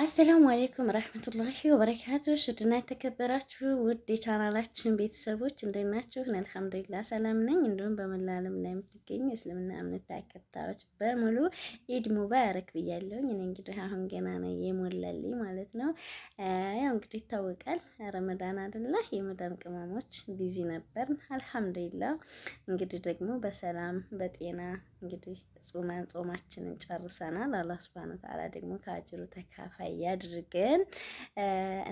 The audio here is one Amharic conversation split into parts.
አሰላሙ አሌይኩም ረህመቱላሂ ወበረካቱ። ውድና የተከበራችሁ ውድ የቻናላችን ቤተሰቦች እንዴት ናችሁ? አልሐምዱሊላህ ሰላም ነኝ። እንዲሁም በመላ ዓለም ላይ የምትገኙ የእስልምና እምነት ተከታዮች በሙሉ ኢድ ሙባረክ ብያለሁኝ። እኔ እንግዲህ አሁን ገና ነው የሞላልኝ ማለት ነው። ያው እንግዲህ ይታወቃል ረመዳን አይደለ? የመዳን ቅመሞች ቢዚ ነበር። አልሐምዱሊላህ እንግዲህ ደግሞ በሰላም በጤና እንግዲህ ጾማን ጾማችንን ጨርሰናል። አላህ ሱብሃነሁ ወተዓላ ደግሞ ከአጅሩ ተካፋይ ያድርገን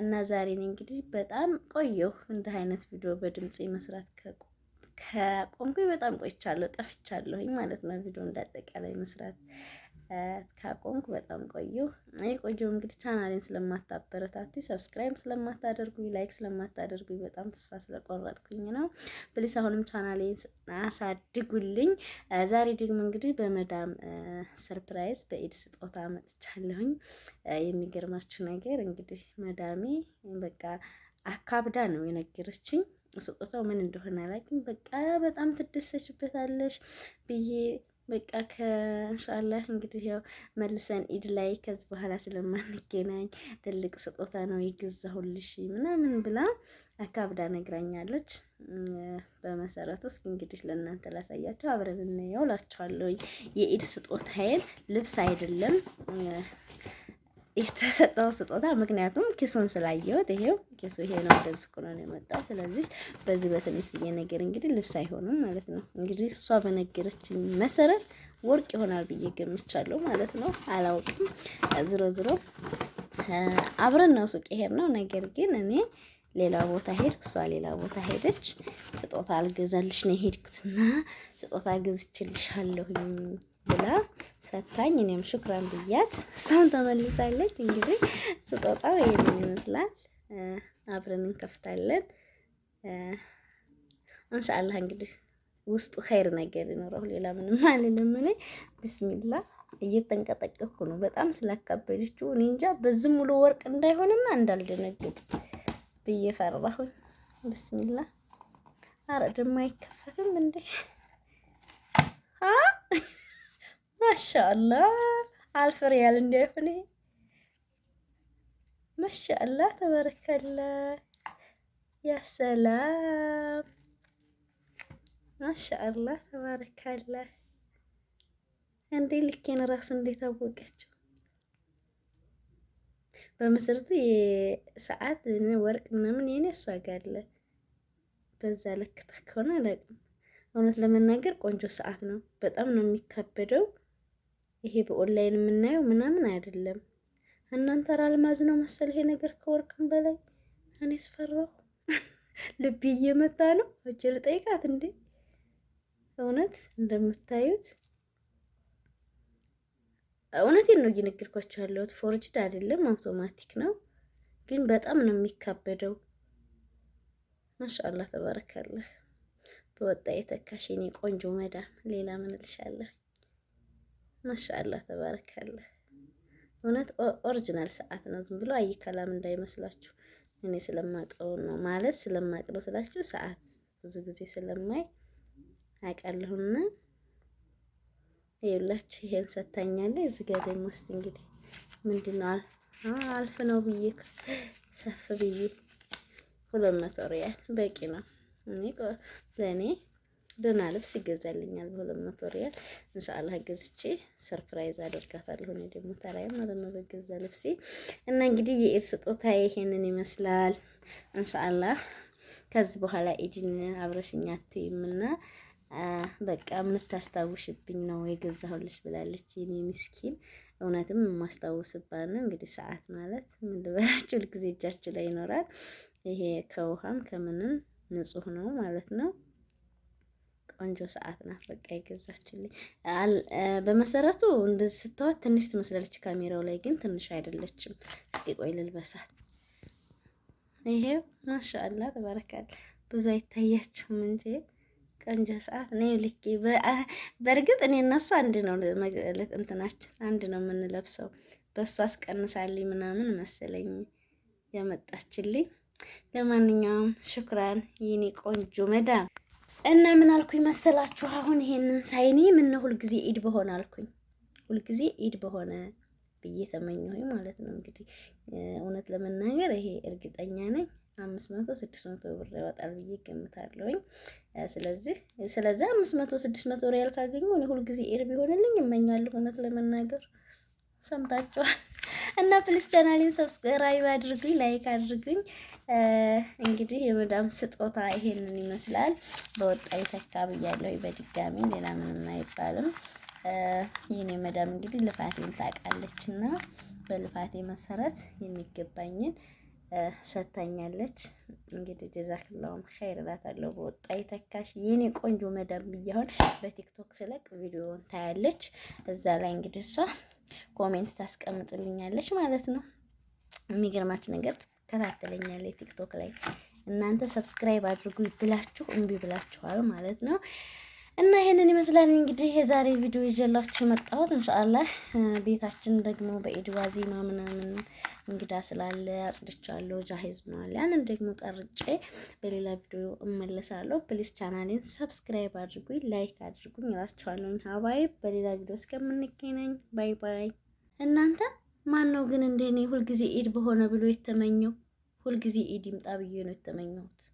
እና ዛሬን እንግዲህ በጣም ቆየሁ። እንደ አይነት ቪዲዮ በድምፅ መስራት ከቆምኩኝ በጣም ቆይቻለሁ፣ ጠፍቻለሁኝ ማለት ነው። ቪዲዮ እንዳጠቃላይ መስራት ካቆምኩ በጣም ቆየሁ። እኔ ቆየሁ እንግዲህ ቻናሌን ስለማታበረታቱ ሰብስክራይብ ስለማታደርጉ ላይክ ስለማታደርጉ በጣም ተስፋ ስለቆረጥኩኝ ነው። ፕሊስ አሁንም ቻናሌን አሳድጉልኝ። ዛሬ ደግሞ እንግዲህ በመዳም ሰርፕራይዝ በኢድ ስጦታ መጥቻለሁኝ። የሚገርማችሁ ነገር እንግዲህ መዳሜ በቃ አካብዳ ነው የነገረችኝ ስጦታው ምን እንደሆነ አላውቅም። በቃ በጣም ትደሰችበታለሽ ብዬ በቃ ከኢንሻአላህ እንግዲህ ያው መልሰን ኢድ ላይ ከዚህ በኋላ ስለማንገናኝ ትልቅ ስጦታ ነው የገዛሁልሽ ምናምን ብላ አካብዳ ነግራኛለች። በመሰረቱ እስኪ እንግዲህ ለእናንተ ላሳያቸው አብረን እናየው እላችኋለሁ። የኢድ ስጦታዬን ልብስ አይደለም የተሰጠው ስጦታ ምክንያቱም ኪሱን ስላየሁት ይሄው ኪሱ ይሄ ነው፣ እንደዚህ ሆኖ ነው የመጣው። ስለዚህ በዚህ በትንሽዬ ነገር እንግዲህ ልብስ አይሆንም ማለት ነው። እንግዲህ እሷ በነገረችኝ መሰረት ወርቅ ይሆናል ብዬ ገምቻለሁ ማለት ነው። አላውቅም። ዝሮ ዝሮ አብረን ነው ሱቅ ሄድ ነው። ነገር ግን እኔ ሌላ ቦታ ሄድኩ፣ እሷ ሌላ ቦታ ሄደች። ስጦታ አልገዛልሽ ነው የሄድኩትና ስጦታ ገዝችልሻለሁኝ ብላ ሰታኝ እኔም ሹክራን ብያት እሷም ተመልሳለች። እንግዲህ ስጦጣው ይሄንን ይመስላል። አብረን እንከፍታለን እንሻአላህ። እንግዲህ ውስጡ ኸይር ነገር ይኖረው ሌላ ምንም አልልም። እኔ ቢስሚላ እየተንቀጠቀኩ ነው። በጣም ስላካበደችው እኔ እንጃ በዝም ብሎ ወርቅ እንዳይሆንና እንዳልደነግጥ ብዬ ፈራሁኝ። ብስሚላ አረ ደሞ አይከፈትም እንዴ? ማሻአላ አልፍ ሪያል እንዲያይሆን ማሻአላ ተበረከላ ያሰላም ማሻአላ ተባረካላ። እንዴ ልኬን ራሱ እንዴት አወቀችው? በመሰረቱ የሰዓት ወርቅ ምናምን የኔ እሷ ጋር አለ። በዛ ልክ ከሆነ አላውቅም። እውነት ለመናገር ቆንጆ ሰዓት ነው። በጣም ነው የሚካበደው። ይሄ በኦንላይን የምናየው ምናምን አይደለም። እናንተ አልማዝ ነው መሰል ይሄ ነገር ከወርቅም በላይ እኔ ስፈራው ልቤ እየመታ ነው። እጅ ልጠይቃት እንዴ! እውነት እንደምታዩት እውነቴን ነው እየነገርኳቸው ያለሁት። ፎርጅድ አይደለም አውቶማቲክ ነው፣ ግን በጣም ነው የሚካበደው። ማሻአላህ ተባረካለህ። በወጣ የተካሽ የኔ ቆንጆ መዳም ሌላ ምን እልሻለሁ? ማሻአላህ ተባረካለህ። እውነት ኦሪጂናል ሰዓት ነው። ዝም ብሎ አይ ከላም እንዳይመስላችሁ። እኔ ስለማቀው ነው ማለት ስለማቅ ስላችሁ ሰዓት ብዙ ጊዜ ስለማይ አውቃለሁና ይኸውላችሁ ይሄን ሰታኛለህ። እዚህ ጋር ደግሞ እስቲ እንግዲህ ምንድነው ነው አልፍ ነው ብዬ ሰፍ ብዬ ሁለት መቶ ሪያል በቂ ነው እኔ ለእኔ ደህና ልብስ ይገዛልኛል በሁለት መቶ ሪያል እንሻአላህ ገዝቼ ሰርፕራይዝ አደርጋታለሁ። እኔ ደግሞ ተራዬ ማለት ነው በገዛ ልብሴ እና እንግዲህ የኢድ ስጦታ ይሄንን ይመስላል። እንሻአላህ ከዚህ በኋላ ኢድን አብረሽኛ አትይምና በቃ የምታስታውሽብኝ ነው የገዛሁልሽ ብላለች የኔ ምስኪን። እውነትም የማስታውስባት ነው። እንግዲህ ሰዓት ማለት ምን ልበላችሁ፣ ሁልጊዜ እጃችሁ ላይ ይኖራል። ይሄ ከውሃም ከምንም ንጹህ ነው ማለት ነው። ቆንጆ ሰዓት ናት። በቃ ይገዛችልኝ። በመሰረቱ እንደዚህ ስትዋት ትንሽ ትመስላለች፣ ካሜራው ላይ ግን ትንሽ አይደለችም። እስኪ ቆይ ልልበሳት። ይሄ ማሻአላ ተባረካል። ብዙ አይታያችሁም እንጂ ቆንጆ ሰዓት ነው። ልኬ በእርግጥ እኔ እነሱ አንድ ነው እንትናችን አንድ ነው የምንለብሰው። በእሱ አስቀንሳልኝ ምናምን መሰለኝ ያመጣችልኝ። ለማንኛውም ሽኩራን የኔ ቆንጆ መዳም እና ምን አልኩኝ መሰላችሁ? አሁን ይሄንን ሳይኒ ምን ነው ሁልጊዜ ኢድ በሆነ አልኩኝ፣ ሁልጊዜ ኢድ በሆነ ብዬ ተመኘሁኝ ማለት ነው። እንግዲህ እውነት ለመናገር ይሄ እርግጠኛ ነኝ አምስት መቶ ስድስት መቶ ብር ይወጣል ብዬ ገምታለሁኝ። ስለዚህ ስለዚህ አምስት መቶ ስድስት መቶ ሪያል ካገኘሁ ሁልጊዜ ኢድ ቢሆንልኝ እመኛለሁ እውነት ለመናገር ሰምታችኋል። እና ፕሊስ ቻናሌን ሰብስክራይብ አድርጉኝ፣ ላይክ አድርጉኝ። እንግዲህ የመዳም ስጦታ ይሄንን ይመስላል። በወጣ ይተካ ብያለሁ በድጋሚ ሌላ ምንም አይባልም። ይህን የመዳም እንግዲህ ልፋቴን ታውቃለች እና በልፋቴ መሰረት የሚገባኝን ሰታኛለች። እንግዲህ ጀዛክላሁም ኸይር እላታለሁ። በወጣ ይተካሽ የኔ ቆንጆ መዳም ብያሁን በቲክቶክ ስለቅ ቪዲዮን ታያለች። እዛ ላይ እንግዲህ እሷ ኮሜንት ታስቀምጥልኛለች ማለት ነው። የሚገርማች ነገር ትከታተለኛለች ቲክቶክ ላይ እናንተ ሰብስክራይብ አድርጉ ብላችሁ እምቢ ብላችኋል ማለት ነው። እና ይሄንን ይመስላል እንግዲህ የዛሬ ቪዲዮ ይዤላችሁ መጣሁት። እንሻአላህ ቤታችን ደግሞ በኢድ ዋዜማ ምናምን እንግዳ ስላለ አጽድቻለሁ፣ ጃሂዝ ሆኗል። ያንን ደግሞ ቀርጬ በሌላ ቪዲዮ እመለሳለሁ። ፕሊስ ቻናሌን ሰብስክራይብ አድርጉኝ፣ ላይክ አድርጉኝ እላችኋለሁ። ሀባይ በሌላ ቪዲዮ እስከምንገናኝ ባይ ባይ። እናንተ ማን ነው ግን እንደኔ ሁልጊዜ ኢድ በሆነ ብሎ የተመኘው? ሁልጊዜ ኢድ ይምጣ ብዬ ነው የተመኘሁት።